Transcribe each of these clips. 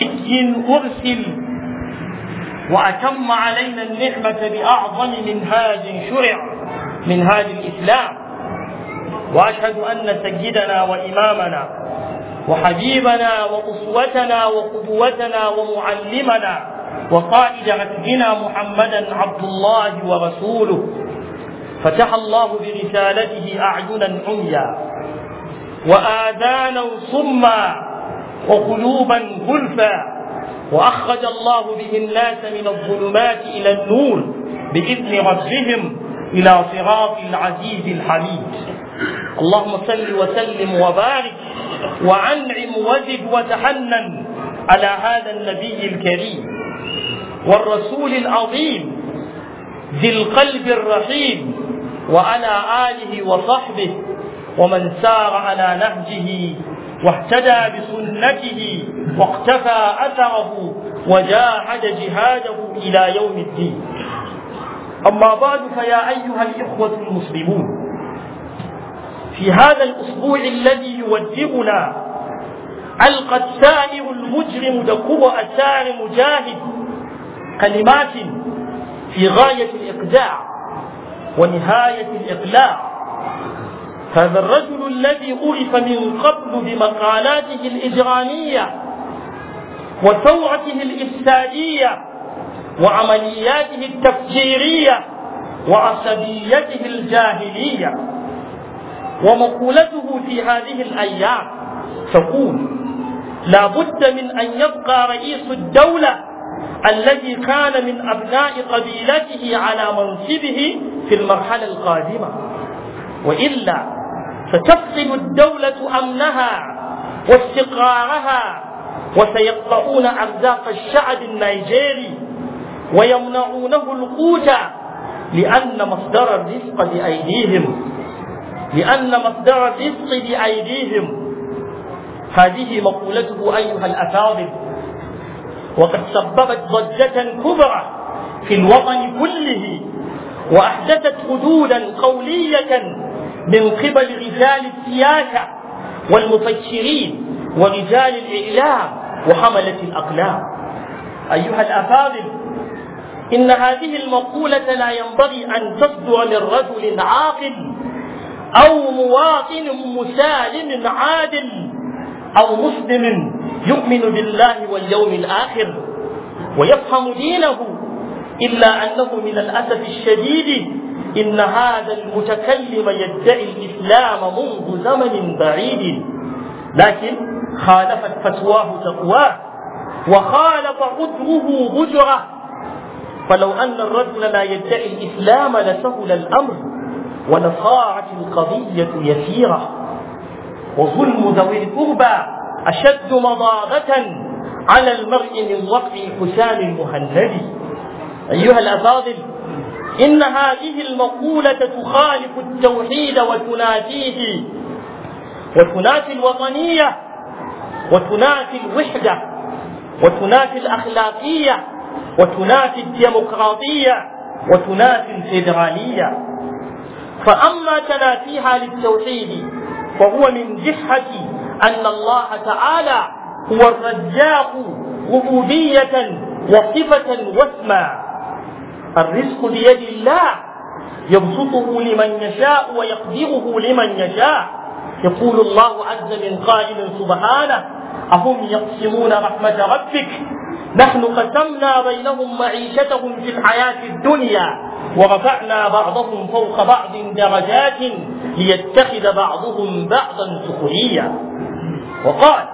أرسل وأتم علينا النعمة بأعظم منهاج شرع منهاج الإسلام وأشهد أن سيدنا وإمامنا وحبيبنا وأسوتنا وقدوتنا ومعلمنا وقائد عهدنا محمدا عبد الله ورسوله فتح الله برسالته أعينا عميا وآذانا صمّا وقلوبا غلفا وأخرج الله بهم الناس من الظلمات إلى النور بإذن ربهم إلى صراط العزيز الحميد اللهم صل وسلم وبارك وأنعم وزد وتحنن على هذا النبي الكريم والرسول العظيم ذي القلب الرحيم وعلى آله وصحبه ومن سار على نهجه واهتدى بسنته واقتفى أثره وجاهد جهاده إلى يوم الدين أما بعد فيا أيها الإخوة المسلمون في هذا الأسبوع الذي يودعنا ألقى السائر المجرم دكوب أثار مجاهد كلمات في غاية الإقداع ونهاية الإقلاع هذا الرجل الذي عرف من قبل بمقالاته الإجرامية وثورته الإفسادية وعملياته التفكيرية وعصبيته الجاهلية ومقولته في هذه الأيام تقول لا بد من أن يبقى رئيس الدولة الذي كان من أبناء قبيلته على منصبه في المرحلة القادمة وإلا ستفقد الدولة أمنها واستقرارها وسيقطعون أرزاق الشعب النيجيري ويمنعونه القوت لأن مصدر الرزق بأيديهم لأن مصدر الرزق بأيديهم هذه مقولته أيها الأفاضل وقد سببت ضجة كبرى في الوطن كله وأحدثت حدودا قولية من قبل رجال السياسة والمفكرين ورجال الإعلام وحملة الأقلام أيها الأفاضل إن هذه المقولة لا ينبغي أن تصدر من رجل عاقل أو مواطن مسالم عادل أو مسلم يؤمن بالله واليوم الآخر ويفهم دينه إلا أنه من الأسف الشديد إن هذا المتكلم يدعي الإسلام منذ زمن بعيد لكن خالفت فتواه تقواه وخالف غدره غجره فلو أن الرجل لا يدعي الإسلام لسهل الأمر ولصارت القضية يسيرة وظلم ذوي القربى أشد مضاضة على المرء من وقع حسام المهندي أيها الأفاضل إن هذه المقولة تخالف التوحيد وتناديه وتنافي الوطنية وتنافي الوحدة وتنافي الأخلاقية وتنافي الديمقراطية وتنافي الفيدرالية فأما تنافيها للتوحيد فهو من جحة أن الله تعالى هو الرزاق ربوبية وصفة واسما الرزق بيد الله يبسطه لمن يشاء ويقدره لمن يشاء يقول الله عز من قائل سبحانه أهم يقسمون رحمة ربك نحن قسمنا بينهم معيشتهم في الحياة الدنيا ورفعنا بعضهم فوق بعض درجات ليتخذ بعضهم بعضا سخريا وقال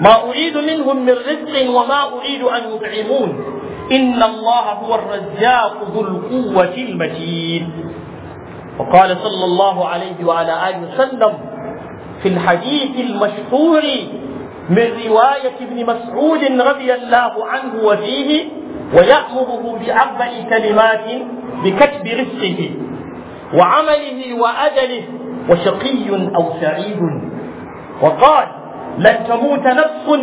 ما أريد منهم من رزق وما أريد أن يطعمون إن الله هو الرزاق ذو القوة المتين وقال صلى الله عليه وعلى آله وسلم في الحديث المشهور من رواية ابن مسعود رضي الله عنه وفيه ويأمره بأفضل كلمات بكتب رزقه وعمله وأجله وشقي أو سعيد وقال لن تموت نفس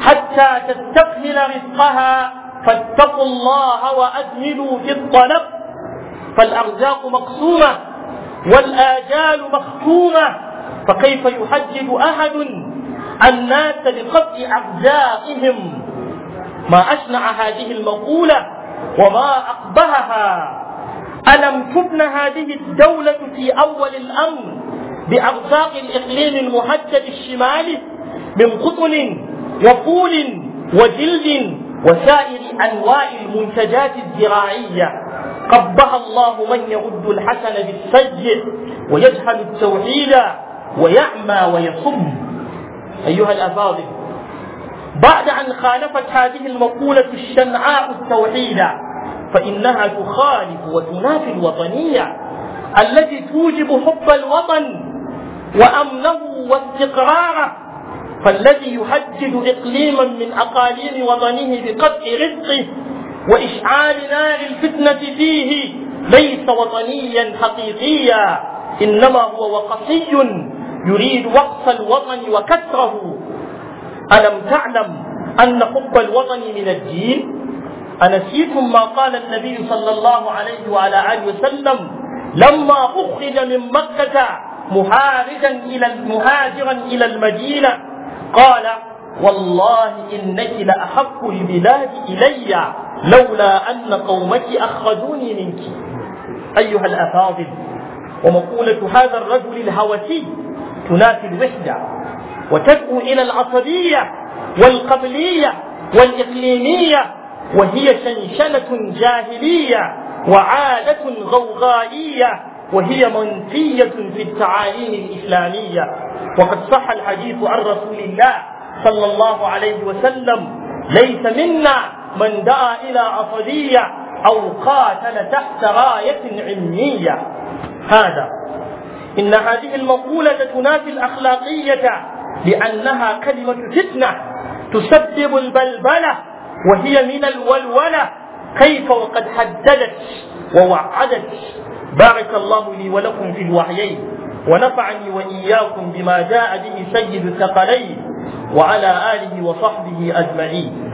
حتى تستكمل رزقها فاتقوا الله وأجملوا في الطلب فالأرزاق مقسومة والآجال مختومة فكيف يحدد أحد الناس لقطع أرزاقهم ما أشنع هذه المقولة وما أقبهها ألم تبن هذه الدولة في أول الأمر بأرزاق الإقليم المحدد الشمالي من قطن وقول وجلد وسائر أنواع المنتجات الزراعية قبها الله من يرد الحسن بالسيء ويجهل التوحيد ويعمى ويصم أيها الأفاضل بعد أن خالفت هذه المقولة الشنعاء التوحيد فإنها تخالف وتنافي الوطنية التي توجب حب الوطن وأمنه واستقراره فالذي يهدد إقليما من أقاليم وطنه بقطع رزقه وإشعال نار الفتنة فيه ليس وطنيا حقيقيا إنما هو وقصي يريد وقص الوطن وكسره ألم تعلم أن حب الوطن من الدين أنسيتم ما قال النبي صلى الله عليه وعلى آله وسلم لما أخرج من مكة مهاجرا إلى إلى المدينة قال والله إنك لأحق البلاد إلي لولا أن قومك أخرجوني منك أيها الأفاضل ومقولة هذا الرجل الهوسي تنافي الوحدة وتدعو إلى العصبية والقبلية والإقليمية وهي شنشنة جاهلية وعادة غوغائية وهي منفية في التعاليم الإسلامية وقد صح الحديث عن رسول الله صلى الله عليه وسلم ليس منا من دعا إلى عصبية أو قاتل تحت راية علمية هذا إن هذه المقولة تنافي الأخلاقية لأنها كلمة فتنة تسبب البلبلة وهي من الولولة كيف وقد حددت ووعدت بارك الله لي ولكم في الوحيين ونفعني وإياكم بما جاء به سيد الثقلين وعلى آله وصحبه أجمعين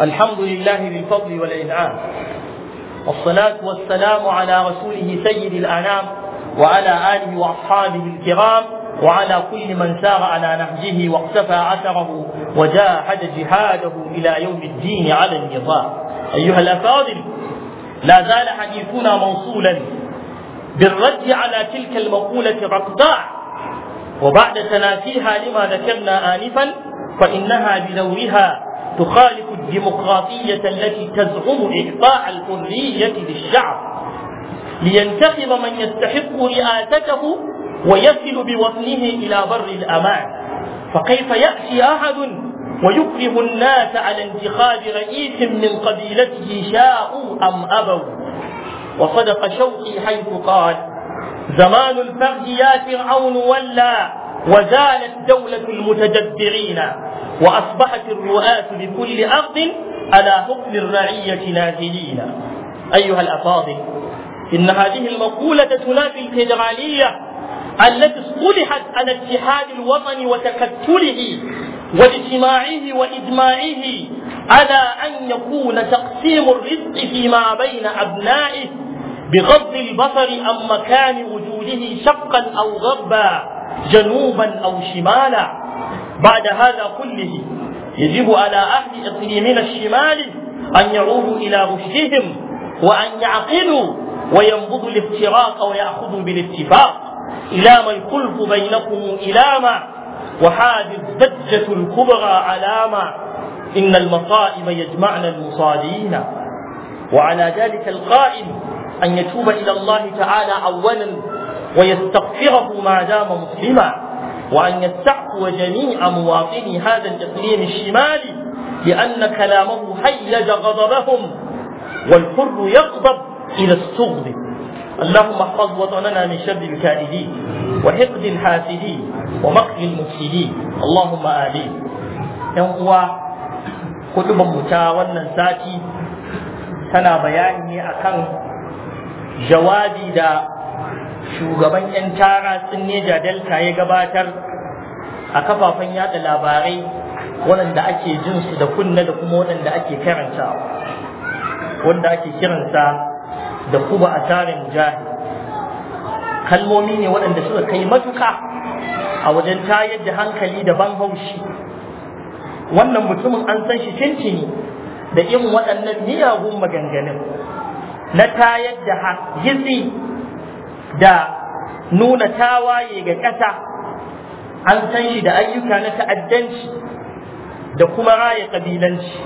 الحمد لله بالفضل والإنعام والصلاة والسلام على رسوله سيد الأنام وعلى آله وأصحابه الكرام وعلى كل من سار على نهجه واقتفى أثره وجاهد جهاده إلى يوم الدين على النظام أيها الأفاضل لا زال حديثنا موصولا بالرد على تلك المقولة الرقداء وبعد تنافيها لما ذكرنا آنفا فإنها بدورها تخالف الديمقراطية التي تزعم إعطاء الحرية للشعب لينتخب من يستحق رئاسته ويصل بوطنه إلى بر الأمان فكيف يأتي أحد ويكره الناس على انتخاب رئيس من قبيلته شاءوا أم أبوا وصدق شوقي حيث قال زمان الفرد يا فرعون ولى وزالت دولة المتجبرين وأصبحت الرؤاة بكل أرض على حكم الرعية نازلين أيها الأفاضل إن هذه المقولة تنافي الفيدرالية التي اصطلحت على الاتحاد الوطني وتكتله واجتماعه وإجماعه على أن يكون تقسيم الرزق فيما بين أبنائه بغض البصر عن مكان وجوده شقا أو غربا جنوبا أو شمالا بعد هذا كله يجب على أهل إقليمنا الشمال أن يعودوا إلى رشدهم وأن يعقلوا وينبضوا الافتراق ويأخذوا بالاتفاق إلام الخلف بينكم إلاما وحادث الزجة الكبرى علاما إن المصائب يجمعن المصالين وعلى ذلك القائم أن يتوب إلى الله تعالى أولا ويستغفره ما دام مسلما وأن يستعفو جميع مواطني هذا الإقليم الشمالي لأن كلامه هيج غضبهم والحر يغضب إلى استغضب اللهم احفظ وطننا من شر الكائدين وحقد الحاسدين ومقت المفسدين اللهم آمين yan uwa كتب متى wannan sati tana bayani ne akan jawabi da shugaban 'yan tara sun neja delta ya gabatar a kafafen yada labarai waɗanda ake jin su da kunna da kuma waɗanda ake karanta wanda ake kiransa da kuba a tare mujahid kalmomi ne waɗanda suka kai matuka a wajen tayar da hankali da ban haushi wannan mutumin an san shi cincini da irin waɗannan miyagun maganganun na tayar da gizi da nuna tawaye ga ƙasa an san shi da ayyuka na ta'addanci da kuma raya ƙabilanci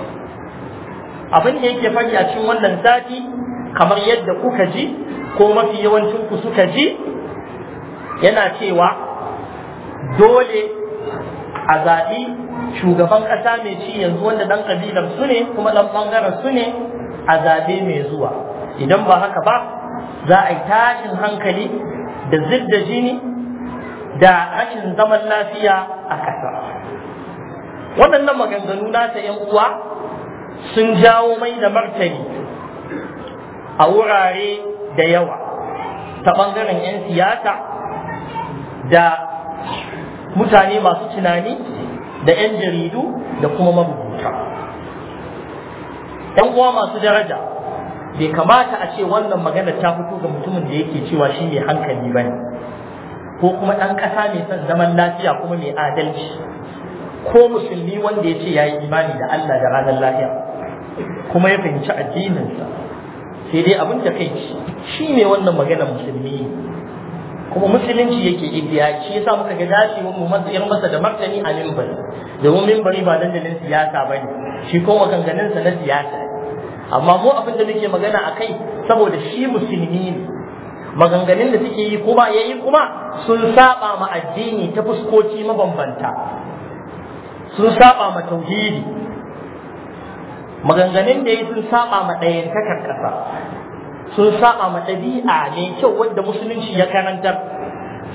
abin da yake faɗi a cikin wannan sati kamar yadda kuka ji ko mafi yawancin ku suka ji yana cewa dole a zaɓi shugaban ƙasa mai ci yanzu wanda ɗan ƙabilar su ne kuma ɗan ɓangaren su ne a zaɓe mai zuwa idan ba haka ba za a yi tashin hankali da zidda jini da rashin zaman lafiya a ƙasa waɗannan maganganu na ta 'yan uwa sun jawo mai da martani a wurare da yawa ta ɓangaren 'yan siyasa da mutane masu tunani da 'yan jaridu da kuma marubuta. ‘yan uwa masu daraja bai kamata a ce wannan magana ta fito ga mutumin da yake cewa shi mai hankali ba ne ko kuma ɗan ƙasa mai son zaman lafiya kuma mai adalci ko musulmi wanda ya ce ya yi imani da Allah da ranar lafiya kuma ya fahimci addininsa sai dai abin da kai shi ne wannan magana musulmi kuma musulunci yake ibiya shi yasa muka ga dace mu matsayar masa da martani a mimbari domin mimbari ba dandalin siyasa ba ne shi ko maganganun sa na siyasa amma mu abin da muke magana a kai saboda shi musulmi ne maganganun da suke yi kuma yayi kuma sun saba ma addini ta fuskoci mabambanta sun saba ma tauhidi maganganun da ya sun saba ma ɗayan takar ƙasa sun saba ma ɗabi'a ne kyau wanda musulunci ya karantar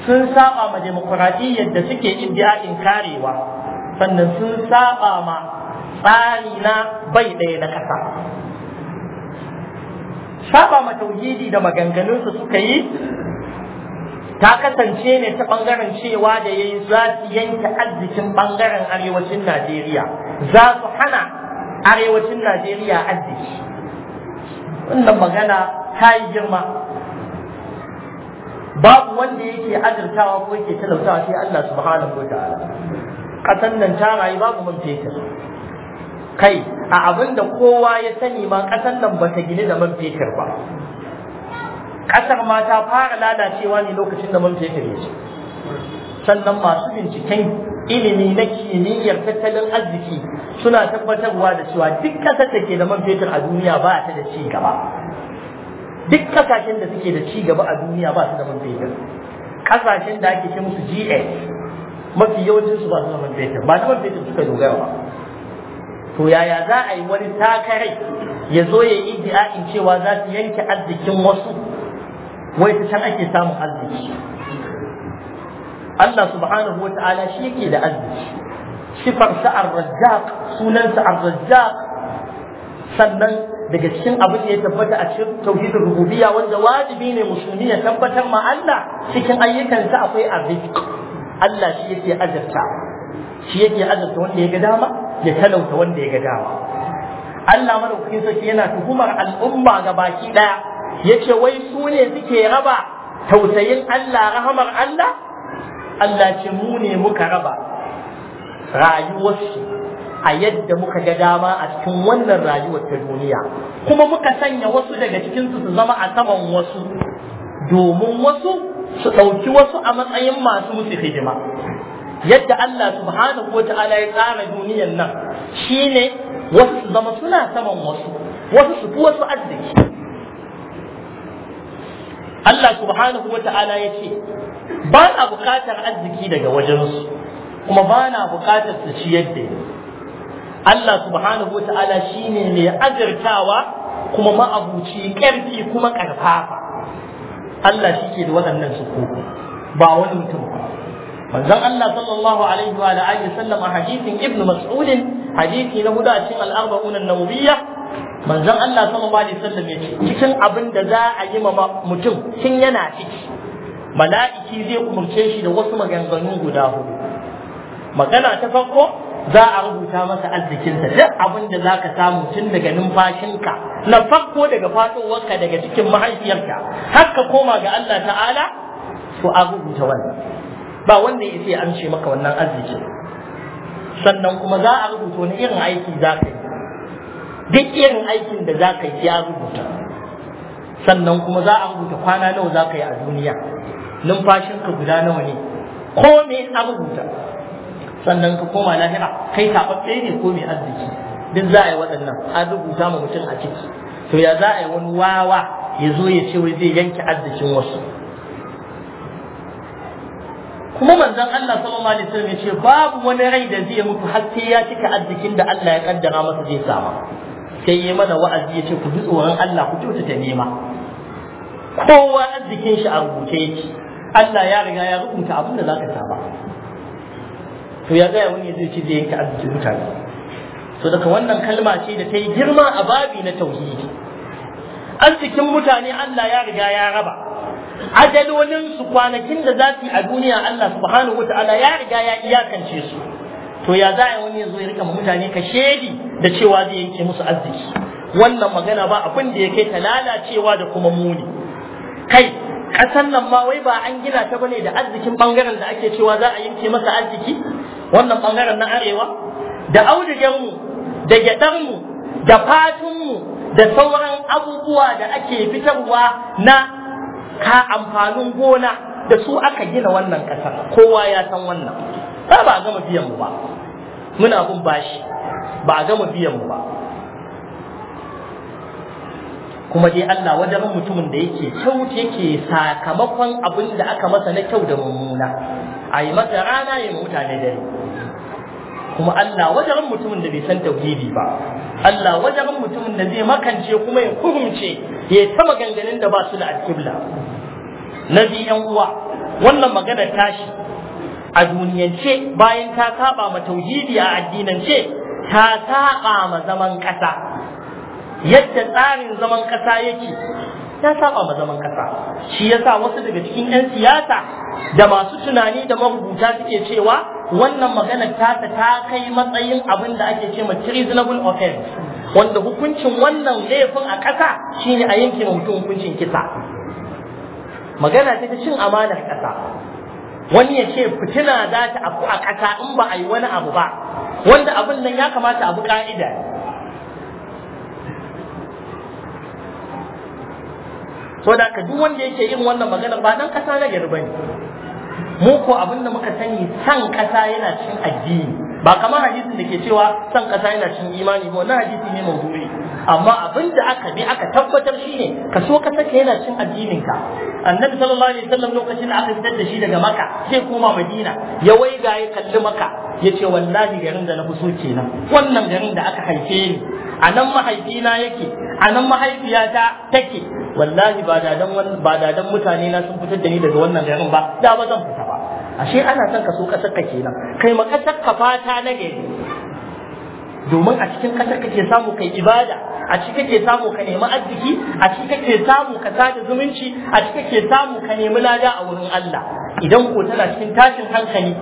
sun saba ma demokuraɗiyyar da suke in karewa sannan sun saba ma tsari na bai ɗaya na ƙasa saba ma tauhidi da su suka yi ta kasance ne ta ɓangaren cewa da ya yi za su yanke arzikin ɓangaren arewacin najeriya za su hana arewacin Najeriya addini wannan magana ta yi girma babu wanda yake azurtawa ko yake talautawa sai Allah subhanahu wa ta'ala kasan nan ta rayu babu man fetur kai a abin da kowa ya sani ma kasan nan ba ta gini da man fetur ba kasar ma ta fara lalacewa ne lokacin da man fetur ya sannan masu binciken ilimi na kimiyyar tattalin arziki suna tabbatarwa da cewa duk ƙasar da ke da man fetur a duniya ba ta da ci gaba duk ƙasashen da suke da ci gaba a duniya ba su da man fetur ƙasashen da ake ce musu GS mafi yawancin su ba su da man fetur ba da man fetur suka dogara ba to yaya za a yi wani takarai ya zo ya yi iddia'in cewa za su yanke arzikin wasu wai ta can ake samun arziki Allah subhanahu wa ta'ala shi yake da arziki sifar sa ar sunan sa ar sannan daga cikin abin da ya tabbata a cikin tauhidin rububiyya wanda wajibi ne musulmi ya tabbatar ma Allah cikin ayyukansa akwai arziki Allah shi yake azabta shi yake azabta wanda ya ga dama ya talauta wanda ya ga dama Allah madaukakin sarki yana tuhumar al'umma ga baki daya yace wai sune suke raba tausayin Allah rahamar Allah Allah ce mu ne muka raba rayuwarsu a yadda muka ga dama a cikin wannan rayuwar ta duniya kuma muka sanya wasu daga cikinsu su zama a saman wasu domin wasu su ɗauki wasu a matsayin masu musu hidima yadda Allah subhanahu wata'ala ya tsara duniyar nan shine wasu su zama suna saman wasu wasu su fi wasu arziki Allah subhanahu wata'ala ya ce ba na bukatar arziki daga wajensu kuma ba na bukatar su ci yadda ya Allah subhanahu wata'ala shine mai azurtawa kuma ma'abuci ƙarfi kuma ƙarfafa Allah shi ke da waɗannan sukuku ba wani mutum ba manzon Allah sallallahu alaihi wa alihi sallam a hadisin Ibn Mas'ud hadisi na hudu a cikin al-arba'un an-nawawiyya manzon Allah sallallahu alaihi wasallam yace cikin abin da za a yi ma mutum tun yana ciki mala'iki zai umurce shi da wasu maganganu guda hudu magana ta farko za a rubuta masa arzikinsa duk abin da zaka samu tun daga numfashinka na farko daga fadowarka daga cikin mahaifiyarka har ka koma ga Allah ta'ala to a rubuta wannan ba wanda ya sai an ce maka wannan arziki sannan kuma za a rubuta wani irin aiki za ka yi duk irin aikin da za ka yi ya rubuta sannan kuma za a rubuta kwana nawa za ka yi a duniya numfashinka guda nawa ne ko me a rubuta sannan ka koma lahira kai tababbe ne ko me arziki duk za a yi waɗannan an rubuta ma mutum a ciki to ya za a yi wani wawa ya zo ya ce wai zai yanke arzikin wasu kuma manzon Allah sallallahu alaihi wasallam ya ce babu wani rai da zai mutu har sai ya cika arzikin da Allah ya kaddara masa zai sama sai ya mana wa'azi ya ce ku ji tsoron Allah ku kyautata nema kowa arzikin shi a rubuce yake Allah ya riga ya rubuta abin da zaka saba to ya tsaya wani zai ce zai yanke arzikin mutane to daga wannan kalma ce da ta yi girma a babi na tauhidi arzikin mutane Allah ya riga ya raba ajalolin su kwanakin da za su yi a duniya Allah subhanahu wataala ya riga ya iyakance su to ya za a wani ya zo ya rika mutane ka shedi da cewa zai yanke musu arziki wannan magana ba abin da ya kai ta lalacewa da kuma muni kai ƙasar nan ma wai ba an gina ta bane da arzikin bangaren da ake cewa za a yanke masa arziki wannan bangaren na arewa da mu, da mu, da fatun mu, da sauran abubuwa da ake fitarwa na ka amfanin gona da su aka gina wannan ƙasar kowa ya san wannan ba ba a gama biyan mu ba muna bin bashi ba a gama biyan mu ba kuma dai Allah wajen mutumin da yake kyau yake sakamakon abin da aka masa na kyau da mummuna a yi masa rana ya mutane dare kuma Allah wajen mutumin da bai san tauhidi ba Allah wajen mutumin da zai makance kuma ya kurumce ya ta maganganun da ba su da alƙibla na biyan uwa wannan magana tashi a duniyance bayan ta saba ma tauhidi a addinance ta saba ma zaman ƙasa yadda tsarin zaman kasa yake ta saba ma zaman kasa shi yasa wasu daga cikin 'yan siyasa da masu tunani da marubuta suke cewa wannan magana tasa ta kai matsayin abin da ake ce ma treasonable offense wanda hukuncin wannan laifin a ƙasa shine a yanke mutum hukuncin kisa magana ta cin amanar kasa wani ya ce fitina za ta afu a kasa in ba a yi wani abu ba wanda abin nan ya kamata abu ƙa'ida saboda ka duk wanda yake yin wannan magana ba dan kasa na gari bane mu ko abin da muka sani san kasa yana cikin addini ba kamar hadisin da ke cewa san kasa yana cikin imani ba wannan hadisi ne mawdu'i amma abin da aka bi aka tabbatar shine ka so ka saka yana cin addinin ka annabi sallallahu alaihi wasallam lokacin da aka fitar da shi daga maka sai koma madina ya waiga ya kalli maka ya ce wallahi garin da na fi so kenan wannan garin da aka haife ni anan nan mahaifina yake Anan nan mahaifiyata take wallahi ba da dan ba da dan mutane na sun fitar da ni daga wannan garin ba da ba zan fita ba ashe ana son ka so kasar ka kenan kai ma kasar ka fata na gari domin a cikin kasar kake samu kai ibada a cikin kake samu ka nemi arziki a cikin kake samu ka sada zumunci a cikin kake samu ka nemi lada a wurin Allah idan ko tana cikin tashin hankali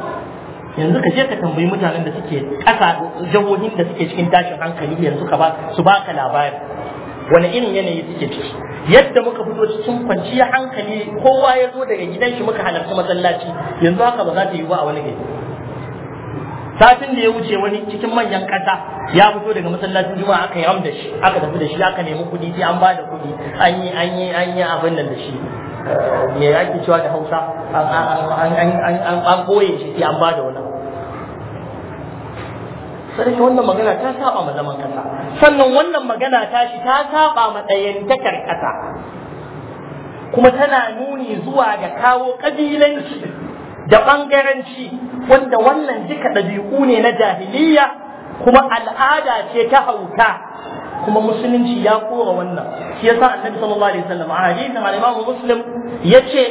yanzu ka je ka tambayi mutanen da suke ƙasa jahohin da suke cikin tashin hankali yanzu ka ba su baka labari wani irin yanayi suke ciki yadda muka fito cikin kwanciya hankali kowa ya zo daga gidan shi muka halarci masallaci yanzu haka ba za ta yi ba a wani gari satin da ya wuce wani cikin manyan ƙasa ya fito daga masallacin juma'a aka yi da shi aka tafi da shi aka nemi kuɗi sai an ba da kuɗi an yi an yi an yi abin nan da shi eh, me ake cewa da hausa an ɓoye shi sai an ba da wani sai wannan magana ta saba ma zaman kasa sannan wannan magana ta shi ta saba ma dayantakar kasa kuma tana nuni zuwa ga kawo kabilanci da bangaranci wanda wannan duka ɗabi'u ne na jahiliya kuma al'ada ce ta hauka kuma musulunci ya kora wannan shi yasa annabi sallallahu alaihi wasallam a hadisin al-Imam Muslim yace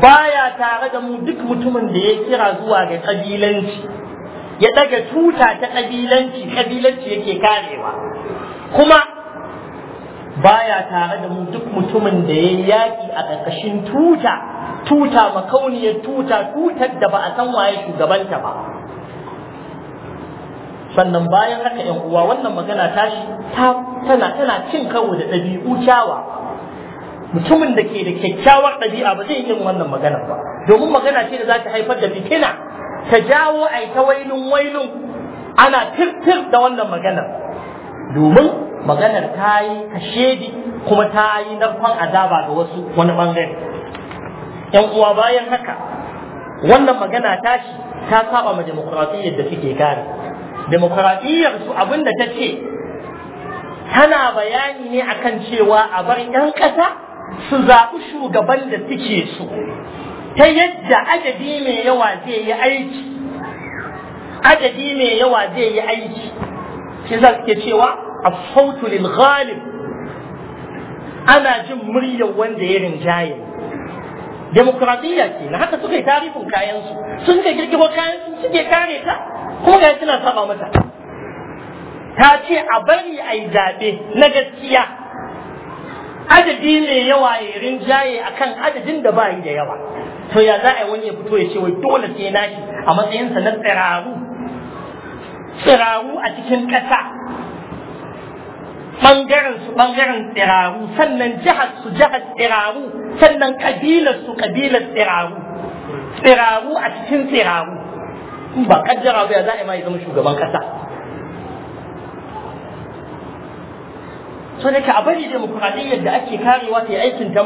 baya tare da mu duk mutumin da ya kira zuwa ga kabilanci ya daga tuta ta kabilanci kabilanci yake karewa kuma baya tare da mu duk mutumin da ya yaki a ƙarƙashin tuta tuta makauniyar tuta tutar da ba a san waye shugabanta ba sannan bayan haka yan uwa wannan magana tashi tana tana cin kawo da ɗabi'u kyawa. mutumin da ke da kyakkyawar ɗabi'a ba zai yin wannan magana ba domin magana ce da za ta haifar da fitina ta jawo ai ta wailun wailun ana tirtir da wannan maganar domin maganar ta yi kashedi kuma ta yi nafan azaba ga wasu wani bangare yan uwa bayan haka wannan magana tashi ta saba ma demokradiyyar da suke kare demokradiyyar su abinda ta ce tana bayani ne akan cewa a bar yan ƙasa su zaɓi shugaban da suke so ta yadda adadi mai yawa zai yi aiki adadi mai yawa zai yi aiki shi za su ke cewa a sautu lil ghalib ana jin muryar wanda ya rinjaye demokradiyya ke na haka suka yi tarihin kayansu sun ka kirkiro kayan su suke kare ta kuma ga suna saba mata ta ce a bari a yi zaɓe na gaskiya adadi mai yawa ya rinjaye a kan adadin da ba yi da yawa to ya za a yi wani ya fito ya ce wai dole sai na shi a matsayinsa na tsiraru tsiraru a cikin ƙasa ɓangaren su ɓangaren tsiraru sannan jihar su jihar tsiraru sannan ƙabilar su ƙabilar tsiraru tsiraru a cikin tsiraru in ba kaddara ba za a yi ma ya zama shugaban ƙasa To da ka a bari demokradiyyar da ake karewa ta yi aikin ta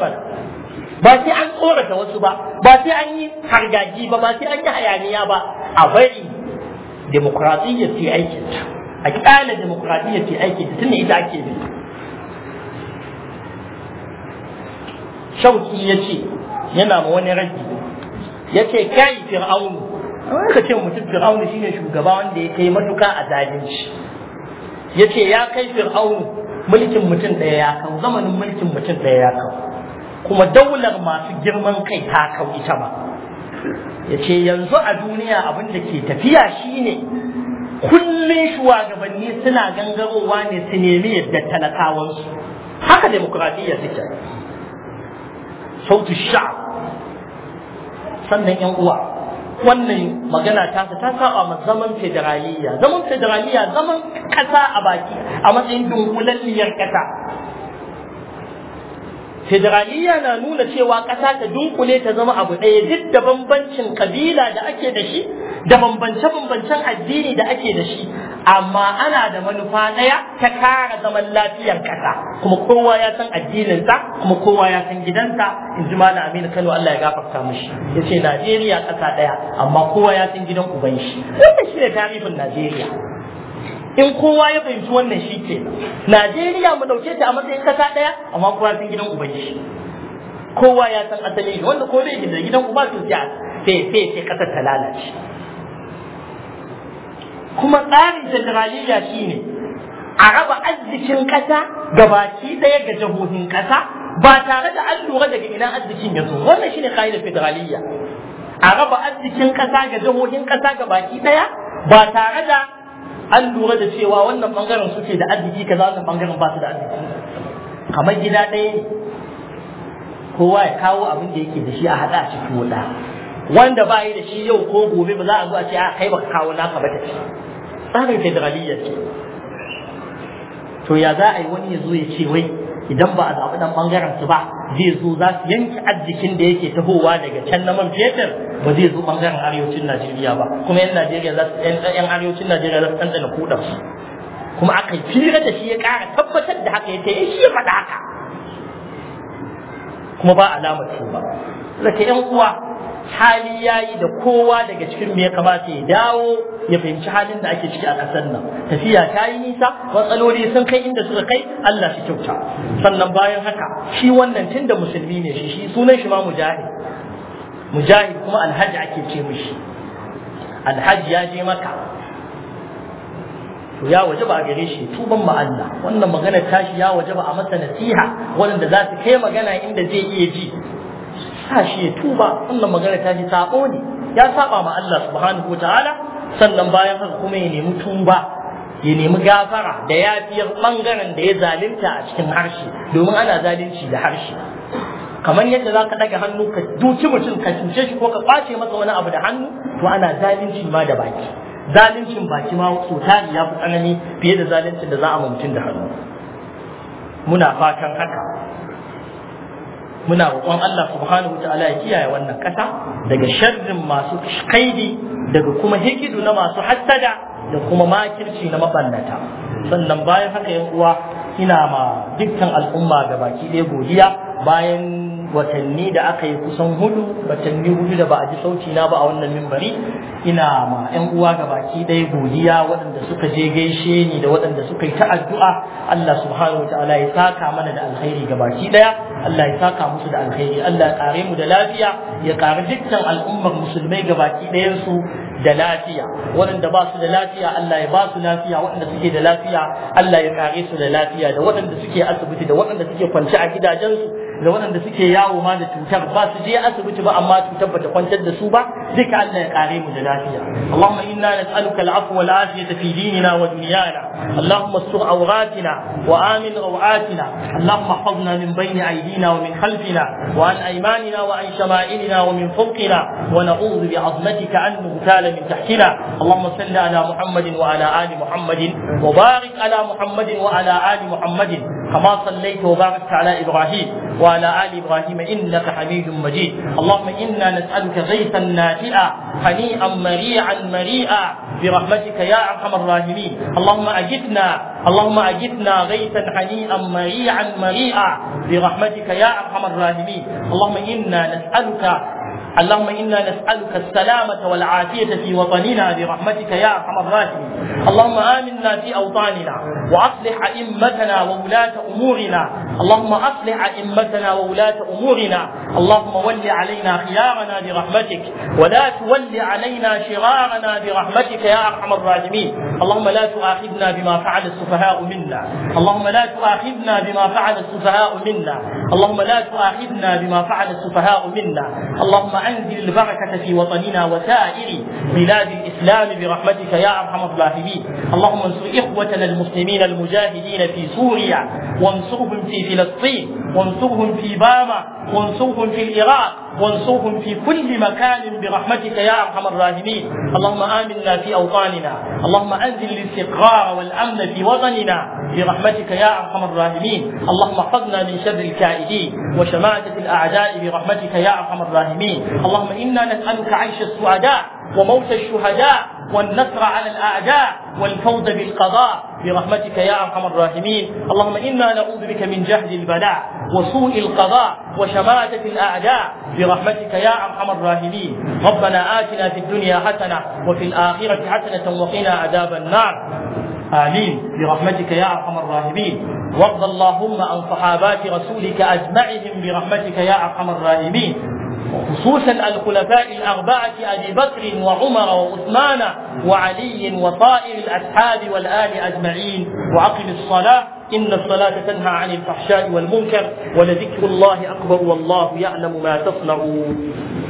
ba sai an tsorata wasu ba ba sai an yi hargaji ba ba sai an yi hayaniya ba a bari demokradiyya ce aikin ta a kyala demokradiyya ce aikin ta tunda ita ake bi shauki ya ce yana ma wani ragi ya ce kai fir'aunu an ka ce mutum fir'aunu shine shugaba wanda ya kai matuka a zalunci ya ce ya kai fir'aunu mulkin mutum ɗaya ya kan zamanin mulkin mutum ɗaya ya kan kuma daular masu girman kai ta kau ita ba ya ce yanzu a duniya abin da ke tafiya shine kullum shugabanni suna gangarowa ne su nemi yadda talakawansu haka demokradiyya suke sautu sha sannan yan uwa wannan magana ta ta saba ma zaman federaliyya zaman federaliyya zaman kasa a baki a matsayin dunkulalliyar kasa federaliya na nuna cewa ƙasa ta dunkule ta zama abu ɗaya duk da bambancin kabila da ake da shi da bambance-bambancen addini da ake da shi amma ana da manufa ɗaya ta kara zaman lafiyar ƙasa kuma kowa ya san addininsa kuma kowa ya san gidansa in ji malam aminu kano allah ya gafarta mishi ya ce najeriya ƙasa ɗaya amma kowa ya san gidan uban shi wannan shi ne tarihin najeriya in kowa ya fahimci wannan shi ke Najeriya mu dauke ta a matsayin kasa daya amma kowa sun gidan uba kowa ya san asali ne wanda ko zai gina gidan uba to ya fefe sai kasa ta lalace kuma tsarin shi shine a raba arzikin kasa baki daya ga jahohin kasa ba tare da an lura daga ina arzikin ya zo wannan ne kaidar federaliyya a raba arzikin kasa ga jahohin kasa baki daya ba tare da an lura da cewa wannan bangaren suke da arziki kaza wannan bangaren ba su da arziki kamar gida ɗaya kowa ya kawo abin da yake da shi a haɗa ciki wuɗa wanda ba yi da shi yau ko gobe ba za a zo a ce a kai baka kawo naka ba ta ci tsarin federaliyya ce to ya za a yi wani ya zo ya ce wai idan ba a zaɓi ɗan ɓangaren su ba zai zo za su yanki arzikin da yake tahowa daga can na man fetur ba zai zo ɓangaren arewacin najeriya ba kuma yan najeriya za su yan arewacin najeriya za su ɗanɗana kuɗa su kuma aka yi fira da shi ya ƙara tabbatar da haka ya ce eh, shi ya faɗa haka kuma ba alamar tuba zaka yan uwa hali ya yi da kowa daga cikin me ya kamata ya dawo ya fahimci halin da ake ciki a ƙasar nan tafiya ta yi nisa matsaloli sun kai inda suka kai Allah shi kyauta sannan bayan haka shi wannan tun da musulmi ne shi shi sunan shi ma mujahid mujahid kuma alhaji ake ce mishi alhaji ya je maka to ya waje ba a gare shi tuban ma Allah wannan magana tashi ya waje ba a masa nasiha wanda za su kai magana inda zai iya ji sa shi ya tuba wannan magana ta shi sabo ne ya saba ma Allah subhanahu wataala sannan bayan haka kuma ya nemi tuba ya nemi gafara da yafiyar bangaren da ya zalunta a cikin harshe domin ana zalunci da harshe kamar yadda za ka ɗaga hannu ka duki mutum ka cuce shi ko ka ƙwace masa wani abu da hannu to ana zalunci ma da baki zaluncin baki ma so tari ya fi tsanani fiye da zaluncin da za a mutum da hannu muna fatan haka muna roƙon Allah subhanahu ta'ala ya kiyaye wannan ƙasa daga sharrin masu kaidi daga kuma hikidu na masu hassada da kuma makirci na maballata. sannan bayan haka yan uwa ina ma dukkan al'umma ga baki ɗaya godiya bayan watanni da aka yi kusan hudu watanni hudu da ba a ji sauti na ba a wannan mimbari ina ma yan uwa ga baki ɗaya godiya waɗanda suka je gaishe ni da waɗanda suka yi ta'addu'a Allah subhanahu wataala ya saka mana da alkhairi ga baki ɗaya Allah ya saka musu da alkhairi Allah ya kare mu da lafiya ya kare dukkan al'ummar musulmai ga baki ɗayan su da lafiya waɗanda ba su da lafiya Allah ya ba su lafiya waɗanda suke da lafiya Allah ya kare su da lafiya da waɗanda suke asibiti da waɗanda suke kwance a gidajensu da waɗanda suke yawo ma da cutar ba su je asibiti ba amma cutar ta kwantar da su ba duka Allah ya kare mu da lafiya Allahumma inna nas'aluka al'afwa wal afiyata fi dinina wa dunyana Allahumma sur awratina wa amin awatina Allahumma ihfazna min bayni aydina wa min khalfina wa an aymanina wa an shama'ilina wa min fawqina wa na'udhu bi'azmatika an nughtala min tahtina Allahumma salli ala Muhammadin wa ala ali Muhammadin wa barik ala Muhammadin wa ala ali Muhammadin كما صليت وباركت على إبراهيم وعلى آل إبراهيم إنك حميد مجيد اللهم إنا نسألك غيثا نافئا هنيئا مريعا مريئا برحمتك يا أرحم الراحمين اللهم أجدنا اللهم أجدنا غيثا هنيئا مريعا مريئا برحمتك يا أرحم الراحمين اللهم إنا نسألك اللهم انا نسالك السلامه والعافيه في وطننا برحمتك يا ارحم الراحمين اللهم امنا في اوطاننا واصلح ائمتنا وولاه امورنا اللهم اصلح ائمتنا وولاه امورنا اللهم ول علينا خيارنا برحمتك ولا تول علينا شرارنا برحمتك يا ارحم الراحمين اللهم لا تؤاخذنا بما فعل السفهاء منا اللهم لا تؤاخذنا بما فعل السفهاء منا اللهم لا تؤاخذنا بما فعل السفهاء منا اللهم انزل البركه في وطننا وسائر بلاد الاسلام برحمتك يا ارحم الراحمين اللهم انصر اخوتنا المسلمين المجاهدين في سوريا وانصرهم في فلسطين وانصرهم في باما وانصرهم في العراق وانصرهم في كل مكان برحمتك يا ارحم الراحمين اللهم امنا في اوطاننا اللهم انزل الاستقرار والامن في وطننا برحمتك يا ارحم الراحمين اللهم احفظنا من شر الكائدين وشماتة الاعداء برحمتك يا ارحم الراحمين اللهم انا نسالك عيش السعداء وموت الشهداء والنصر على الاعداء والفوز بالقضاء برحمتك يا ارحم الراحمين، اللهم انا نعوذ بك من جهل البلاء وسوء القضاء وشماتة الاعداء برحمتك يا ارحم الراحمين، ربنا اتنا في الدنيا حسنه وفي الاخره حسنه وقنا عذاب النار. آمين برحمتك يا أرحم الراحمين وارض اللهم عن صحابات رسولك أجمعهم برحمتك يا أرحم الراحمين خصوصا الخلفاء الأربعة أبي بكر وعمر وعثمان وعلي وطائر الأصحاب والآل أجمعين وأقم الصلاة إن الصلاة تنهى عن الفحشاء والمنكر ولذكر الله أكبر والله يعلم ما تصنعون